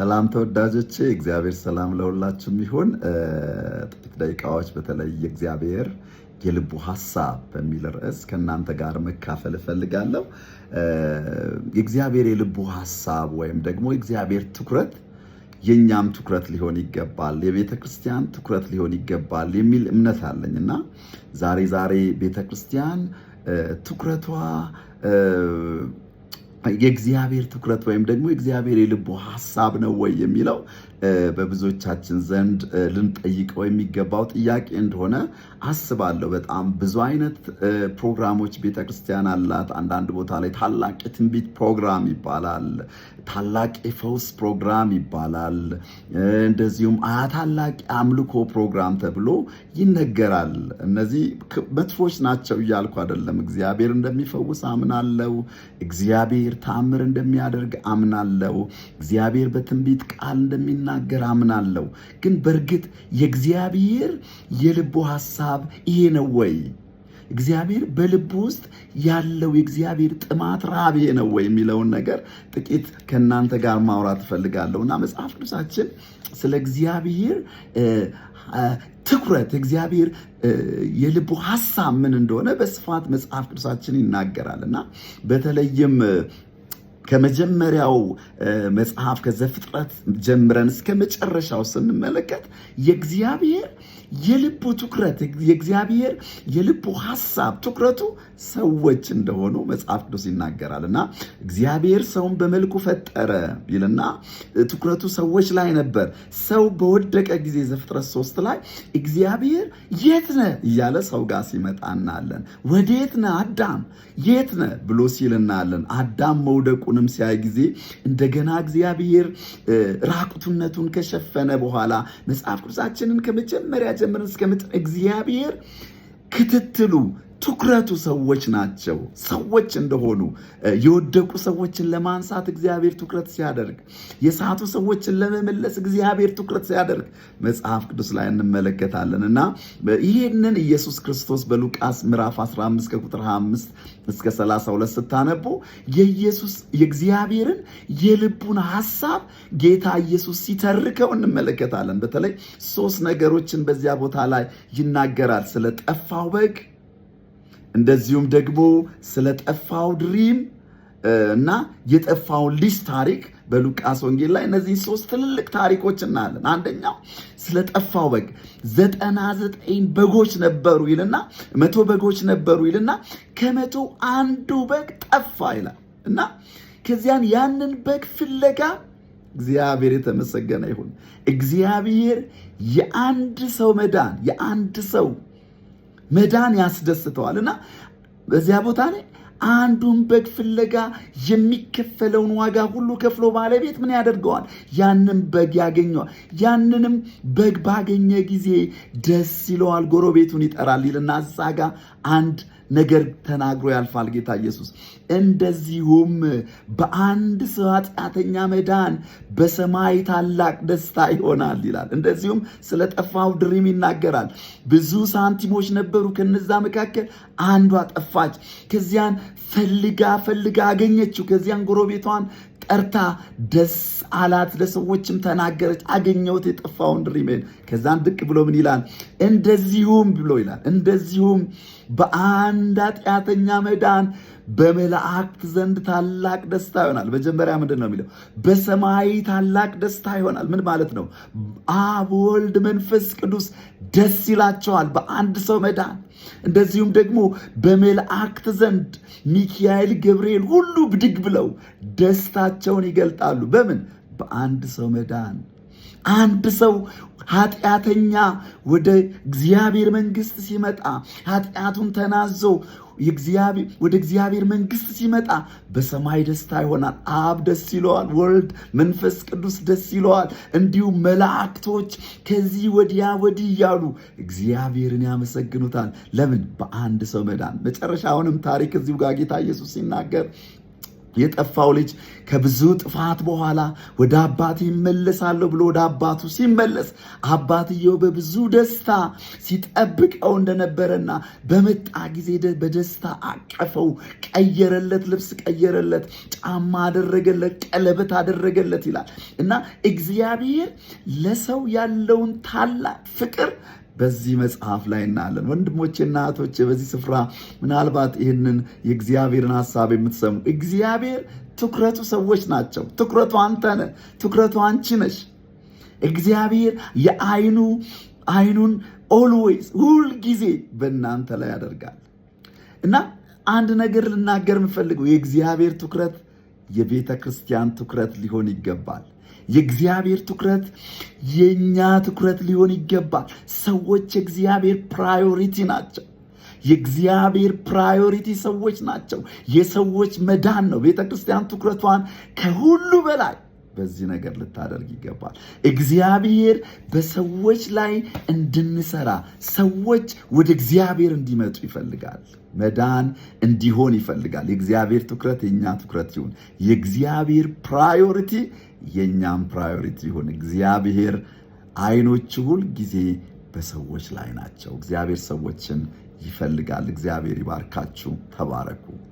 ሰላም ተወዳጆች እግዚአብሔር ሰላም ለሁላችሁም ይሁን። ጥቂት ደቂቃዎች በተለይ የእግዚአብሔር የልቡ ሀሳብ በሚል ርዕስ ከእናንተ ጋር መካፈል እፈልጋለሁ። የእግዚአብሔር የልቡ ሀሳብ ወይም ደግሞ የእግዚአብሔር ትኩረት የእኛም ትኩረት ሊሆን ይገባል፣ የቤተ ክርስቲያን ትኩረት ሊሆን ይገባል የሚል እምነት አለኝ እና ዛሬ ዛሬ ቤተ ክርስቲያን ትኩረቷ የእግዚአብሔር ትኩረት ወይም ደግሞ የእግዚአብሔር የልቡ ሀሳብ ነው ወይ የሚለው በብዙዎቻችን ዘንድ ልንጠይቀው የሚገባው ጥያቄ እንደሆነ አስባለሁ። በጣም ብዙ አይነት ፕሮግራሞች ቤተክርስቲያን አላት። አንዳንድ ቦታ ላይ ታላቅ የትንቢት ፕሮግራም ይባላል፣ ታላቅ የፈውስ ፕሮግራም ይባላል፣ እንደዚሁም ታላቅ የአምልኮ ፕሮግራም ተብሎ ይነገራል። እነዚህ መጥፎች ናቸው እያልኩ አይደለም። እግዚአብሔር እንደሚፈውስ አምናለው። እግዚአብሔር ተአምር እንደሚያደርግ አምናለሁ። እግዚአብሔር በትንቢት ቃል እንደሚናገር አምናለሁ። ግን በእርግጥ የእግዚአብሔር የልቡ ሐሳብ ይሄ ነው ወይ? እግዚአብሔር በልቡ ውስጥ ያለው የእግዚአብሔር ጥማት ራብ ይሄ ነው ወይ የሚለውን ነገር ጥቂት ከእናንተ ጋር ማውራት እፈልጋለሁ እና መጽሐፍ ቅዱሳችን ስለ እግዚአብሔር ትኩረት እግዚአብሔር የልቡ ሐሳብ ምን እንደሆነ በስፋት መጽሐፍ ቅዱሳችን ይናገራል እና በተለይም ከመጀመሪያው መጽሐፍ ከዘፍጥረት ጀምረን እስከ መጨረሻው ስንመለከት የእግዚአብሔር የልቡ ትኩረት የእግዚአብሔር የልቡ ሀሳብ ትኩረቱ ሰዎች እንደሆኑ መጽሐፍ ቅዱስ ይናገራል እና እግዚአብሔር ሰውን በመልኩ ፈጠረ ይልና ትኩረቱ ሰዎች ላይ ነበር። ሰው በወደቀ ጊዜ ዘፍጥረት ሶስት ላይ እግዚአብሔር የት ነ እያለ ሰው ጋር ሲመጣ እናያለን። ወዴት ነ አዳም የት ነ ብሎ ሲል እናለን። አዳም መውደቁን ሰውንም ሲያይ ጊዜ እንደገና እግዚአብሔር ራቁትነቱን ከሸፈነ በኋላ መጽሐፍ ቅዱሳችንን ከመጀመሪያ ጀምረን እስከምጥ እግዚአብሔር ክትትሉ ትኩረቱ ሰዎች ናቸው። ሰዎች እንደሆኑ የወደቁ ሰዎችን ለማንሳት እግዚአብሔር ትኩረት ሲያደርግ፣ የሳቱ ሰዎችን ለመመለስ እግዚአብሔር ትኩረት ሲያደርግ መጽሐፍ ቅዱስ ላይ እንመለከታለን እና ይህንን ኢየሱስ ክርስቶስ በሉቃስ ምዕራፍ 15 ከቁጥር 25 እስከ 32 ስታነቡ የኢየሱስ የእግዚአብሔርን የልቡን ሀሳብ ጌታ ኢየሱስ ሲተርከው እንመለከታለን። በተለይ ሶስት ነገሮችን በዚያ ቦታ ላይ ይናገራል። ስለ ጠፋው በግ እንደዚሁም ደግሞ ስለ ጠፋው ድሪም እና የጠፋው ልጅ ታሪክ በሉቃስ ወንጌል ላይ እነዚህ ሶስት ትልልቅ ታሪኮች እናያለን። አንደኛው ስለ ጠፋው በግ ዘጠና ዘጠኝ በጎች ነበሩ ይልና መቶ በጎች ነበሩ ይልና ከመቶ አንዱ በግ ጠፋ ይላል እና ከዚያን ያንን በግ ፍለጋ እግዚአብሔር የተመሰገነ ይሁን። እግዚአብሔር የአንድ ሰው መዳን የአንድ ሰው መዳን ያስደስተዋል እና በዚያ ቦታ ላይ አንዱን በግ ፍለጋ የሚከፈለውን ዋጋ ሁሉ ከፍሎ ባለቤት ምን ያደርገዋል? ያንን በግ ያገኘዋል። ያንንም በግ ባገኘ ጊዜ ደስ ይለዋል፣ ጎረቤቱን ይጠራል ይልና እዛ ጋ አንድ ነገር ተናግሮ ያልፋል ጌታ ኢየሱስ። እንደዚሁም በአንድ ሰው ኃጢአተኛ መዳን በሰማይ ታላቅ ደስታ ይሆናል ይላል። እንደዚሁም ስለ ጠፋው ድሪም ይናገራል። ብዙ ሳንቲሞች ነበሩ፣ ከነዛ መካከል አንዷ ጠፋች። ከዚያን ፈልጋ ፈልጋ አገኘችው። ከዚያን ጎረቤቷን ጠርታ ደስ አላት፣ ለሰዎችም ተናገረች። አገኘሁት የጠፋውን ድሪሜን። ከዛም ብቅ ብሎ ምን ይላል? እንደዚሁም ብሎ ይላል፣ እንደዚሁም በአንድ ኃጢአተኛ መዳን በመላእክት ዘንድ ታላቅ ደስታ ይሆናል። መጀመሪያ ምንድን ነው የሚለው? በሰማይ ታላቅ ደስታ ይሆናል። ምን ማለት ነው? አብ ወልድ መንፈስ ቅዱስ ደስ ይላቸዋል በአንድ ሰው መዳን። እንደዚሁም ደግሞ በመላእክት ዘንድ ሚካኤል፣ ገብርኤል ሁሉ ብድግ ብለው ደስታቸውን ይገልጣሉ። በምን? በአንድ ሰው መዳን አንድ ሰው ኃጢአተኛ ወደ እግዚአብሔር መንግስት ሲመጣ ኃጢአቱን ተናዞ ወደ እግዚአብሔር መንግስት ሲመጣ በሰማይ ደስታ ይሆናል። አብ ደስ ይለዋል፣ ወልድ መንፈስ ቅዱስ ደስ ይለዋል። እንዲሁም መላእክቶች ከዚህ ወዲያ ወዲህ እያሉ እግዚአብሔርን ያመሰግኑታል። ለምን? በአንድ ሰው መዳን። አሁንም ታሪክ እዚሁ ጋር ጌታ ኢየሱስ ሲናገር የጠፋው ልጅ ከብዙ ጥፋት በኋላ ወደ አባት ይመለሳለሁ ብሎ ወደ አባቱ ሲመለስ አባትየው በብዙ ደስታ ሲጠብቀው እንደነበረና በመጣ ጊዜ በደስታ አቀፈው፣ ቀየረለት፣ ልብስ ቀየረለት፣ ጫማ አደረገለት፣ ቀለበት አደረገለት ይላል እና እግዚአብሔር ለሰው ያለውን ታላቅ ፍቅር በዚህ መጽሐፍ ላይ እናያለን። ወንድሞቼና እህቶቼ በዚህ ስፍራ ምናልባት ይህንን የእግዚአብሔርን ሀሳብ የምትሰሙ እግዚአብሔር ትኩረቱ ሰዎች ናቸው። ትኩረቱ አንተ ነህ። ትኩረቱ አንቺ ነሽ። እግዚአብሔር የአይኑ አይኑን ኦልዌይስ ሁል ጊዜ በእናንተ ላይ ያደርጋል እና አንድ ነገር ልናገር የምፈልገው የእግዚአብሔር ትኩረት የቤተ ክርስቲያን ትኩረት ሊሆን ይገባል። የእግዚአብሔር ትኩረት የእኛ ትኩረት ሊሆን ይገባል። ሰዎች የእግዚአብሔር ፕራዮሪቲ ናቸው። የእግዚአብሔር ፕራዮሪቲ ሰዎች ናቸው። የሰዎች መዳን ነው። ቤተ ክርስቲያን ትኩረቷን ከሁሉ በላይ በዚህ ነገር ልታደርግ ይገባል። እግዚአብሔር በሰዎች ላይ እንድንሰራ ሰዎች ወደ እግዚአብሔር እንዲመጡ ይፈልጋል። መዳን እንዲሆን ይፈልጋል። የእግዚአብሔር ትኩረት የእኛ ትኩረት ይሁን። የእግዚአብሔር ፕራዮሪቲ የእኛም ፕራዮሪቲ ይሁን። እግዚአብሔር አይኖች ሁል ጊዜ በሰዎች ላይ ናቸው። እግዚአብሔር ሰዎችን ይፈልጋል። እግዚአብሔር ይባርካችሁ። ተባረኩ።